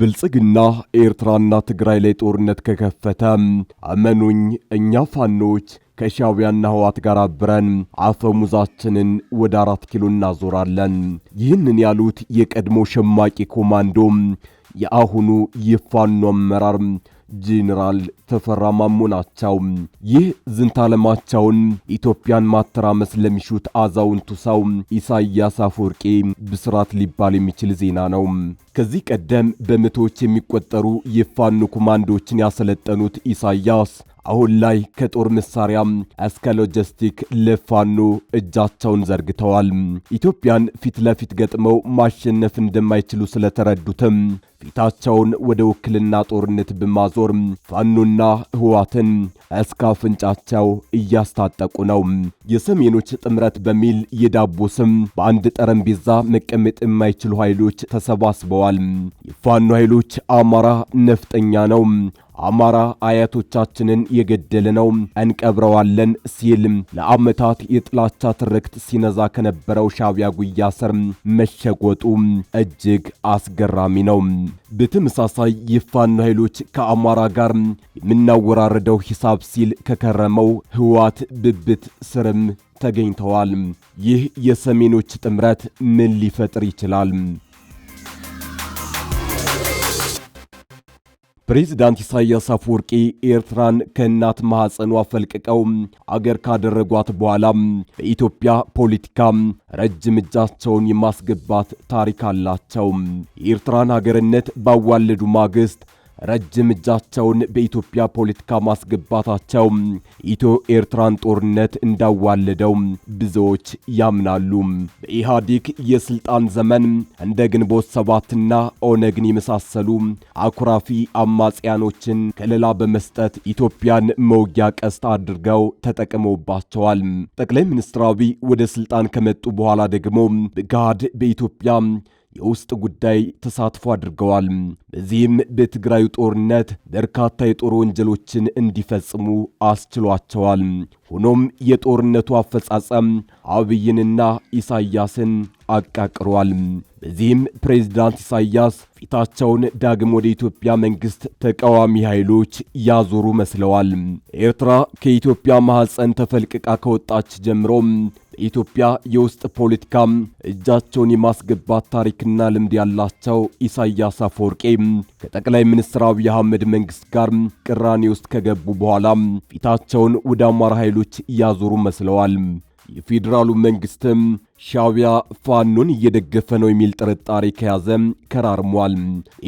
ብልጽግና ኤርትራና ትግራይ ላይ ጦርነት ከከፈተ አመኑኝ እኛ ፋኖች ከሻቢያና ህዋት ጋር አብረን አፈሙዛችንን ወደ አራት ኪሎ እናዞራለን። ይህንን ያሉት የቀድሞ ሸማቂ ኮማንዶ የአሁኑ የፋኖ አመራር ጄኔራል ተፈራ ማሞ ናቸው። ይህ ዝንተ ኢትዮጵያን ማተራመስ ለሚሹት አዛውንቱ ሰው ኢሳያስ አፈወርቄ ብስራት ሊባል የሚችል ዜና ነው። ከዚህ ቀደም በመቶዎች የሚቆጠሩ የፋኖ ኮማንዶዎችን ያሰለጠኑት ኢሳያስ አሁን ላይ ከጦር መሳሪያ እስከ ሎጂስቲክ ለፋኖ እጃቸውን ዘርግተዋል። ኢትዮጵያን ፊት ለፊት ገጥመው ማሸነፍ እንደማይችሉ ስለተረዱትም ፊታቸውን ወደ ውክልና ጦርነት በማዞር ፋኖና ህዋትን እስከ አፍንጫቸው እያስታጠቁ ነው። የሰሜኖች ጥምረት በሚል የዳቦ ስም በአንድ ጠረጴዛ መቀመጥ የማይችሉ ኃይሎች ተሰባስበዋል። የፋኖ ኃይሎች አማራ ነፍጠኛ ነው አማራ አያቶቻችንን የገደለ ነው እንቀብረዋለን ሲል ለአመታት የጥላቻ ትርክት ሲነዛ ከነበረው ሻቢያ ጉያ ስር መሸጎጡ እጅግ አስገራሚ ነው። በተመሳሳይ የፋኖ ኃይሎች ከአማራ ጋር የምናወራረደው ሂሳብ ሲል ከከረመው ህወሓት ብብት ስርም ተገኝተዋል። ይህ የሰሜኖች ጥምረት ምን ሊፈጥር ይችላል? ፕሬዚዳንት ኢሳያስ አፈወርቂ ኤርትራን ከእናት ማኅፀኗ ፈልቅቀው አገር ካደረጓት በኋላ በኢትዮጵያ ፖለቲካ ረጅም እጃቸውን የማስገባት ታሪክ አላቸው። የኤርትራን ሀገርነት ባዋለዱ ማግስት ረጅም እጃቸውን በኢትዮጵያ ፖለቲካ ማስገባታቸው ኢትዮ ኤርትራን ጦርነት እንዳዋለደው ብዙዎች ያምናሉ። በኢህአዴግ የስልጣን ዘመን እንደ ግንቦት ሰባትና ኦነግን የመሳሰሉ አኩራፊ አማጽያኖችን ከለላ በመስጠት ኢትዮጵያን መውጊያ ቀስት አድርገው ተጠቅመውባቸዋል። ጠቅላይ ሚኒስትር አብይ ወደ ስልጣን ከመጡ በኋላ ደግሞ በገሃድ በኢትዮጵያ የውስጥ ጉዳይ ተሳትፎ አድርገዋል። በዚህም በትግራዩ ጦርነት በርካታ የጦር ወንጀሎችን እንዲፈጽሙ አስችሏቸዋል። ሆኖም የጦርነቱ አፈጻጸም አብይንና ኢሳያስን አቃቅሯል። በዚህም ፕሬዚዳንት ኢሳያስ ፊታቸውን ዳግም ወደ ኢትዮጵያ መንግሥት ተቃዋሚ ኃይሎች ያዞሩ መስለዋል። ኤርትራ ከኢትዮጵያ ማኅፀን ተፈልቅቃ ከወጣች ጀምሮም የኢትዮጵያ የውስጥ ፖለቲካም እጃቸውን የማስገባት ታሪክና ልምድ ያላቸው ኢሳያስ አፈወርቄ ከጠቅላይ ሚኒስትር አብይ አህመድ መንግስት ጋር ቅራኔ ውስጥ ከገቡ በኋላ ፊታቸውን ወደ አማራ ኃይሎች እያዞሩ መስለዋል። የፌዴራሉ መንግስትም ሻቢያ ፋኖን እየደገፈ ነው የሚል ጥርጣሬ ከያዘ ከራርሟል።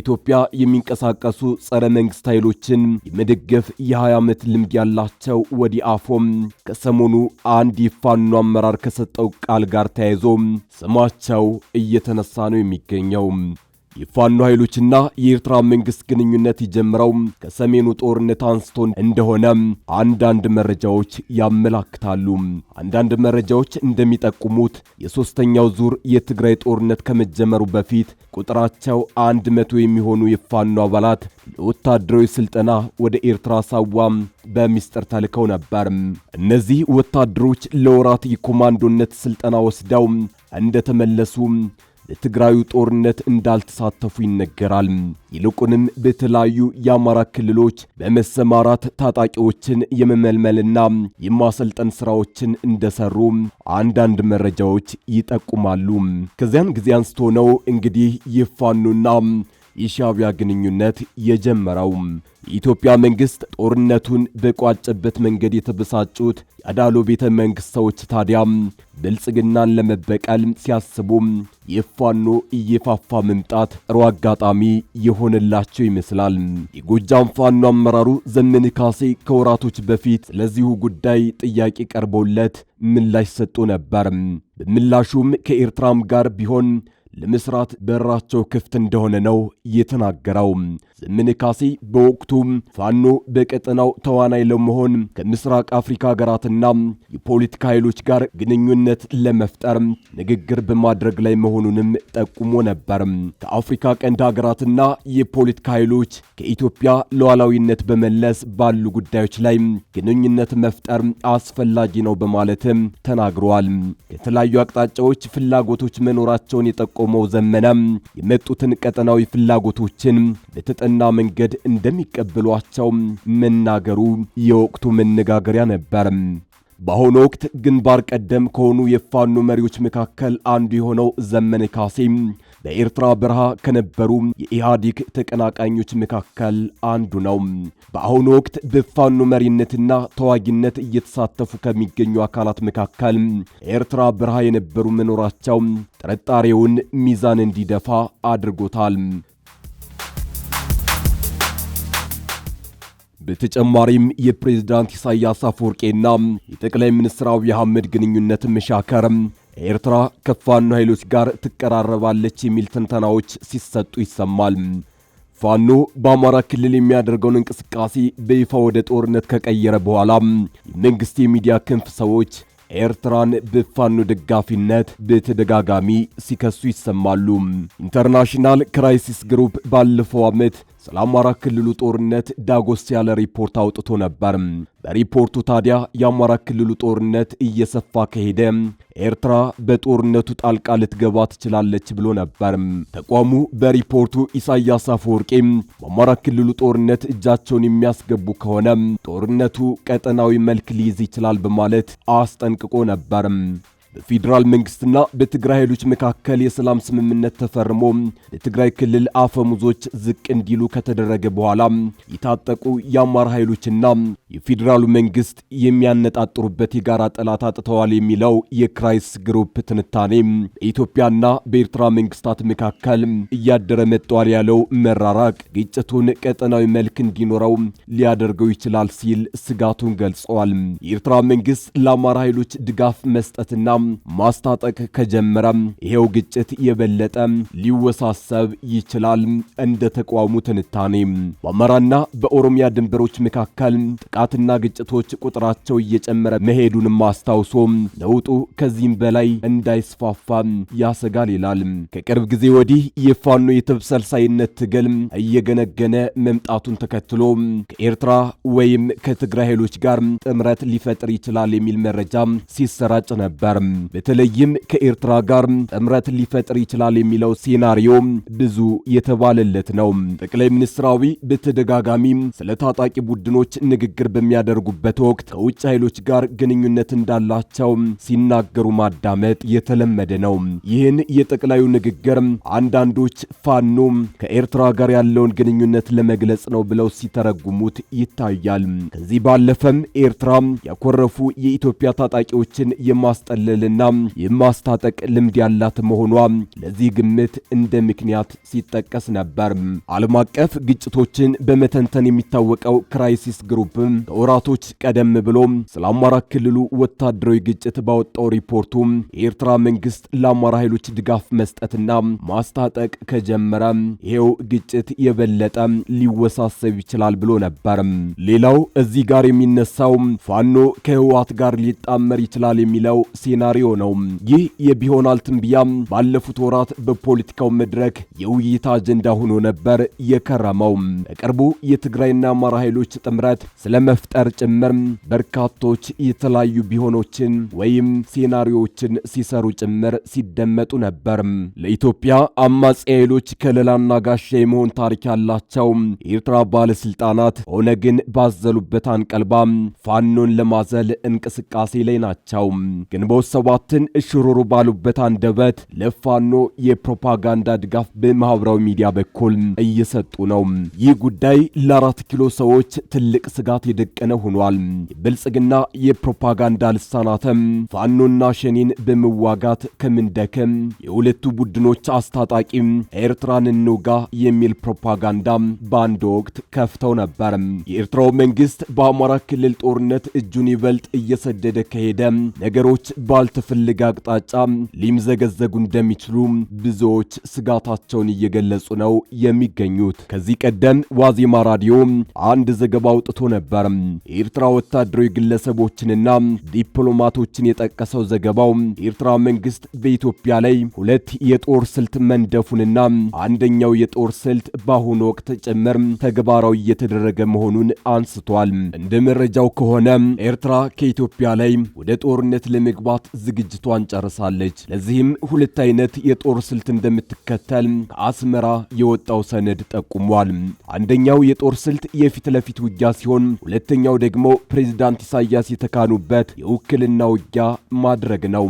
ኢትዮጵያ የሚንቀሳቀሱ ጸረ መንግስት ኃይሎችን የመደገፍ የ20 ዓመት ልምድ ያላቸው ወዲ አፎም ከሰሞኑ አንድ የፋኖ አመራር ከሰጠው ቃል ጋር ተያይዞ ስማቸው እየተነሳ ነው የሚገኘው። የፋኖ ኃይሎችና የኤርትራ መንግስት ግንኙነት የጀመረው ከሰሜኑ ጦርነት አንስቶ እንደሆነ አንዳንድ መረጃዎች ያመላክታሉ። አንዳንድ መረጃዎች እንደሚጠቁሙት የሶስተኛው ዙር የትግራይ ጦርነት ከመጀመሩ በፊት ቁጥራቸው አንድ መቶ የሚሆኑ የፋኖ አባላት ለወታደራዊ ስልጠና ወደ ኤርትራ ሳዋ በሚስጥር ተልከው ነበር። እነዚህ ወታደሮች ለወራት የኮማንዶነት ስልጠና ወስደው እንደተመለሱ ለትግራዩ ጦርነት እንዳልተሳተፉ ይነገራል። ይልቁንም በተለያዩ የአማራ ክልሎች በመሰማራት ታጣቂዎችን የመመልመልና የማሰልጠን ስራዎችን እንደሰሩ አንዳንድ መረጃዎች ይጠቁማሉ። ከዚያን ጊዜ አንስቶ ነው እንግዲህ ይፋኑና የሻቢያ ግንኙነት የጀመረው። የኢትዮጵያ መንግስት ጦርነቱን በቋጨበት መንገድ የተበሳጩት የአዳሎ ቤተ መንግስት ሰዎች ታዲያ ብልጽግናን ለመበቀል ሲያስቡ የፋኖ እየፋፋ መምጣት ጥሩ አጋጣሚ የሆነላቸው ይመስላል። የጎጃም ፋኖ አመራሩ ዘመነ ካሴ ከወራቶች በፊት ስለዚሁ ጉዳይ ጥያቄ ቀርቦለት ምላሽ ሰጡ ነበር። በምላሹም ከኤርትራም ጋር ቢሆን ለመስራት በራቸው ክፍት እንደሆነ ነው የተናገረው። ዘመነ ካሴ በወቅቱ ፋኖ በቀጠናው ተዋናይ ለመሆን ከምስራቅ አፍሪካ ሀገራትና የፖለቲካ ኃይሎች ጋር ግንኙነት ለመፍጠር ንግግር በማድረግ ላይ መሆኑንም ጠቁሞ ነበር። ከአፍሪካ ቀንድ ሀገራትና የፖለቲካ ኃይሎች ከኢትዮጵያ ሉዓላዊነት በመለስ ባሉ ጉዳዮች ላይ ግንኙነት መፍጠር አስፈላጊ ነው በማለትም ተናግረዋል። ከተለያዩ አቅጣጫዎች ፍላጎቶች መኖራቸውን የጠቆመው ዘመነ የመጡትን ቀጠናዊ ፍላጎቶችን በተጠ እና መንገድ እንደሚቀበሏቸው መናገሩ የወቅቱ መነጋገሪያ ነበር። በአሁኑ ወቅት ግንባር ቀደም ከሆኑ የፋኖ መሪዎች መካከል አንዱ የሆነው ዘመነ ካሴ በኤርትራ በረሃ ከነበሩ የኢህአዴግ ተቀናቃኞች መካከል አንዱ ነው። በአሁኑ ወቅት በፋኖ መሪነትና ተዋጊነት እየተሳተፉ ከሚገኙ አካላት መካከል ኤርትራ በረሃ የነበሩ መኖራቸው ጥርጣሬውን ሚዛን እንዲደፋ አድርጎታል። በተጨማሪም የፕሬዝዳንት ኢሳያስ አፈወርቄና የጠቅላይ ሚኒስትር አብይ አህመድ ግንኙነት መሻከር ኤርትራ ከፋኖ ኃይሎች ጋር ትቀራረባለች የሚል ትንተናዎች ሲሰጡ ይሰማል። ፋኖ በአማራ ክልል የሚያደርገውን እንቅስቃሴ በይፋ ወደ ጦርነት ከቀየረ በኋላ የመንግሥት የሚዲያ ክንፍ ሰዎች ኤርትራን በፋኖ ደጋፊነት በተደጋጋሚ ሲከሱ ይሰማሉ። ኢንተርናሽናል ክራይሲስ ግሩፕ ባለፈው ዓመት ስለ አማራ ክልሉ ጦርነት ዳጎስ ያለ ሪፖርት አውጥቶ ነበር። በሪፖርቱ ታዲያ የአማራ ክልሉ ጦርነት እየሰፋ ከሄደ ኤርትራ በጦርነቱ ጣልቃ ልትገባ ትችላለች ብሎ ነበር። ተቋሙ በሪፖርቱ ኢሳያስ አፈወርቂ በአማራ ክልሉ ጦርነት እጃቸውን የሚያስገቡ ከሆነ ጦርነቱ ቀጠናዊ መልክ ሊይዝ ይችላል በማለት አስጠንቅቆ ነበር። በፌዴራል መንግስትና በትግራይ ኃይሎች መካከል የሰላም ስምምነት ተፈርሞ ለትግራይ ክልል አፈሙዞች ዝቅ እንዲሉ ከተደረገ በኋላ የታጠቁ የአማራ ኃይሎችና የፌዴራሉ መንግስት የሚያነጣጥሩበት የጋራ ጠላት አጥተዋል የሚለው የክራይስ ግሩፕ ትንታኔ በኢትዮጵያና በኤርትራ መንግስታት መካከል እያደረ መጥቷል ያለው መራራቅ ግጭቱን ቀጠናዊ መልክ እንዲኖረው ሊያደርገው ይችላል ሲል ስጋቱን ገልጸዋል። የኤርትራ መንግስት ለአማራ ኃይሎች ድጋፍ መስጠትና ማስታጠቅ ከጀመረ ይሄው ግጭት የበለጠ ሊወሳሰብ ይችላል። እንደ ተቋሙ ትንታኔ በአማራና በኦሮሚያ ድንበሮች መካከል ጥቃትና ግጭቶች ቁጥራቸው እየጨመረ መሄዱንም አስታውሶ ለውጡ ከዚህም በላይ እንዳይስፋፋ ያሰጋል ይላል። ከቅርብ ጊዜ ወዲህ የፋኖ የተብሰልሳይነት ትግል እየገነገነ መምጣቱን ተከትሎ ከኤርትራ ወይም ከትግራይ ኃይሎች ጋር ጥምረት ሊፈጥር ይችላል የሚል መረጃ ሲሰራጭ ነበር። በተለይም ከኤርትራ ጋር ጥምረት ሊፈጥር ይችላል የሚለው ሴናሪዮ ብዙ የተባለለት ነው። ጠቅላይ ሚኒስትር አብይ በተደጋጋሚ ስለ ታጣቂ ቡድኖች ንግግር በሚያደርጉበት ወቅት ከውጭ ኃይሎች ጋር ግንኙነት እንዳላቸው ሲናገሩ ማዳመጥ የተለመደ ነው። ይህን የጠቅላዩ ንግግር አንዳንዶች ፋኖ ከኤርትራ ጋር ያለውን ግንኙነት ለመግለጽ ነው ብለው ሲተረጉሙት ይታያል። ከዚህ ባለፈም ኤርትራ ያኮረፉ የኢትዮጵያ ታጣቂዎችን የማስጠለል የማግለልና የማስታጠቅ ልምድ ያላት መሆኗ ለዚህ ግምት እንደ ምክንያት ሲጠቀስ ነበር። ዓለም አቀፍ ግጭቶችን በመተንተን የሚታወቀው ክራይሲስ ግሩፕ ከወራቶች ቀደም ብሎ ስለ አማራ ክልሉ ወታደራዊ ግጭት ባወጣው ሪፖርቱ የኤርትራ መንግስት ለአማራ ኃይሎች ድጋፍ መስጠትና ማስታጠቅ ከጀመረ ይሄው ግጭት የበለጠ ሊወሳሰብ ይችላል ብሎ ነበር። ሌላው እዚህ ጋር የሚነሳው ፋኖ ከህወሓት ጋር ሊጣመር ይችላል የሚለው ሴና ሴናሪዮ ነው። ይህ የቢሆናል ትንብያ ባለፉት ወራት በፖለቲካው መድረክ የውይይት አጀንዳ ሆኖ ነበር የከረመው። በቅርቡ የትግራይና አማራ ኃይሎች ጥምረት ስለመፍጠር ጭምር በርካቶች የተለያዩ ቢሆኖችን ወይም ሴናሪዮችን ሲሰሩ ጭምር ሲደመጡ ነበር። ለኢትዮጵያ አማጺ ኃይሎች ከለላና ጋሻ የመሆን ታሪክ ያላቸው የኤርትራ ባለስልጣናት ኦነግን ባዘሉበት አንቀልባ ፋኖን ለማዘል እንቅስቃሴ ላይ ናቸው። ግንቦት ሰባትን እሽሩሩ ባሉበት አንደበት ለፋኖ የፕሮፓጋንዳ ድጋፍ በማህበራዊ ሚዲያ በኩል እየሰጡ ነው። ይህ ጉዳይ ለአራት ኪሎ ሰዎች ትልቅ ስጋት የደቀነ ሆኗል። የብልጽግና የፕሮፓጋንዳ ልሳናተም ፋኖና ሸኔን በመዋጋት ከምንደክም የሁለቱ ቡድኖች አስታጣቂ ኤርትራን እንውጋ የሚል ፕሮፓጋንዳ በአንድ ወቅት ከፍተው ነበር። የኤርትራው መንግስት በአማራ ክልል ጦርነት እጁን ይበልጥ እየሰደደ ከሄደ ነገሮች ባል ወዳልተፈለገ አቅጣጫ ሊምዘገዘጉ እንደሚችሉ ብዙዎች ስጋታቸውን እየገለጹ ነው የሚገኙት። ከዚህ ቀደም ዋዜማ ራዲዮ አንድ ዘገባ አውጥቶ ነበር። የኤርትራ ወታደራዊ ግለሰቦችንና ዲፕሎማቶችን የጠቀሰው ዘገባው የኤርትራ መንግስት በኢትዮጵያ ላይ ሁለት የጦር ስልት መንደፉንና አንደኛው የጦር ስልት በአሁኑ ወቅት ጭምር ተግባራዊ እየተደረገ መሆኑን አንስቷል። እንደ መረጃው ከሆነ ኤርትራ ከኢትዮጵያ ላይ ወደ ጦርነት ለመግባት ዝግጅቷን ጨርሳለች። ለዚህም ሁለት አይነት የጦር ስልት እንደምትከተል ከአስመራ የወጣው ሰነድ ጠቁሟል። አንደኛው የጦር ስልት የፊት ለፊት ውጊያ ሲሆን፣ ሁለተኛው ደግሞ ፕሬዚዳንት ኢሳያስ የተካኑበት የውክልና ውጊያ ማድረግ ነው።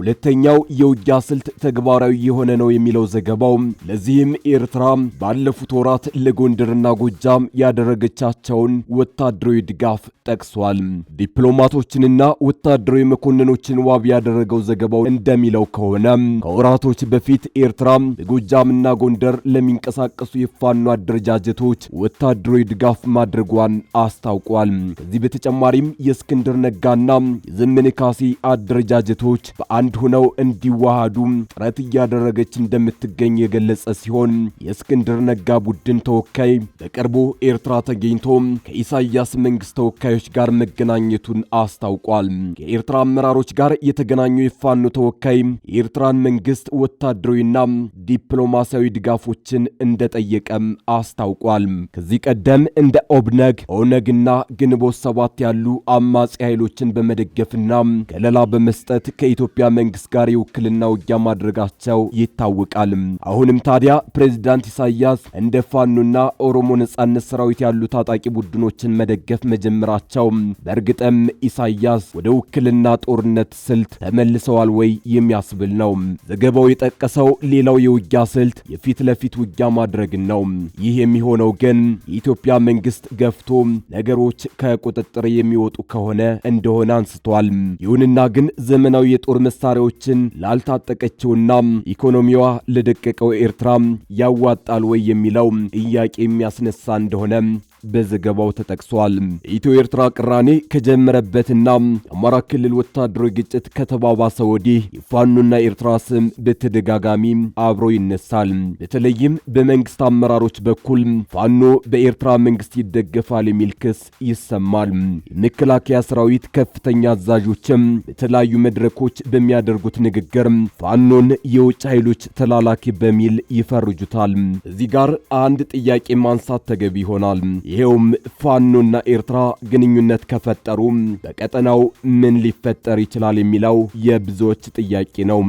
ሁለተኛው የውጊያ ስልት ተግባራዊ የሆነ ነው የሚለው ዘገባው። ለዚህም ኤርትራ ባለፉት ወራት ለጎንደርና ጎጃም ያደረገቻቸውን ወታደራዊ ድጋፍ ጠቅሷል። ዲፕሎማቶችንና ወታደራዊ መኮንኖችን ዋብ ያደረገው ዘገባው እንደሚለው ከሆነ ከወራቶች በፊት ኤርትራ በጎጃምና ጎንደር ለሚንቀሳቀሱ የፋኖ አደረጃጀቶች ወታደራዊ ድጋፍ ማድረጓን አስታውቋል። ከዚህ በተጨማሪም የእስክንድር ነጋና የዘመነ ካሴ አደረጃጀቶች በአ አንድ ሆነው እንዲዋሃዱ ጥረት እያደረገች እንደምትገኝ የገለጸ ሲሆን የእስክንድር ነጋ ቡድን ተወካይ በቅርቡ ኤርትራ ተገኝቶ ከኢሳያስ መንግስት ተወካዮች ጋር መገናኘቱን አስታውቋል። ከኤርትራ አመራሮች ጋር የተገናኙ የፋኖ ተወካይ የኤርትራን መንግስት ወታደራዊና ዲፕሎማሲያዊ ድጋፎችን እንደጠየቀም አስታውቋል። ከዚህ ቀደም እንደ ኦብነግ ኦነግና ግንቦት ሰባት ያሉ አማጺ ኃይሎችን በመደገፍና ከለላ በመስጠት ከኢትዮጵያ መንግስት ጋር የውክልና ውጊያ ማድረጋቸው ይታወቃል። አሁንም ታዲያ ፕሬዚዳንት ኢሳያስ እንደ ፋኖና ኦሮሞ ነጻነት ሰራዊት ያሉ ታጣቂ ቡድኖችን መደገፍ መጀመራቸው በእርግጥም ኢሳያስ ወደ ውክልና ጦርነት ስልት ተመልሰዋል ወይ የሚያስብል ነው። ዘገባው የጠቀሰው ሌላው የውጊያ ስልት የፊት ለፊት ውጊያ ማድረግን ነው። ይህ የሚሆነው ግን የኢትዮጵያ መንግስት ገፍቶ ነገሮች ከቁጥጥር የሚወጡ ከሆነ እንደሆነ አንስቷል። ይሁንና ግን ዘመናዊ የጦር መሳ መሳሪያዎችን ላልታጠቀችውና ኢኮኖሚዋ ለደቀቀው ኤርትራ ያዋጣል ወይ የሚለው ጥያቄ የሚያስነሳ እንደሆነ በዘገባው ተጠቅሷል። የኢትዮ ኤርትራ ቅራኔ ከጀመረበትና የአማራ ክልል ወታደራዊ ግጭት ከተባባሰ ወዲህ የፋኖና ኤርትራ ስም በተደጋጋሚ አብሮ ይነሳል። በተለይም በመንግስት አመራሮች በኩል ፋኖ በኤርትራ መንግስት ይደገፋል የሚል ክስ ይሰማል። የመከላከያ ሰራዊት ከፍተኛ አዛዦችም በተለያዩ መድረኮች በሚያደርጉት ንግግር ፋኖን የውጭ ኃይሎች ተላላኪ በሚል ይፈርጁታል። እዚህ ጋር አንድ ጥያቄ ማንሳት ተገቢ ይሆናል። ይኸውም ፋኖና ኤርትራ ግንኙነት ከፈጠሩ በቀጠናው ምን ሊፈጠር ይችላል የሚለው የብዙዎች ጥያቄ ነው።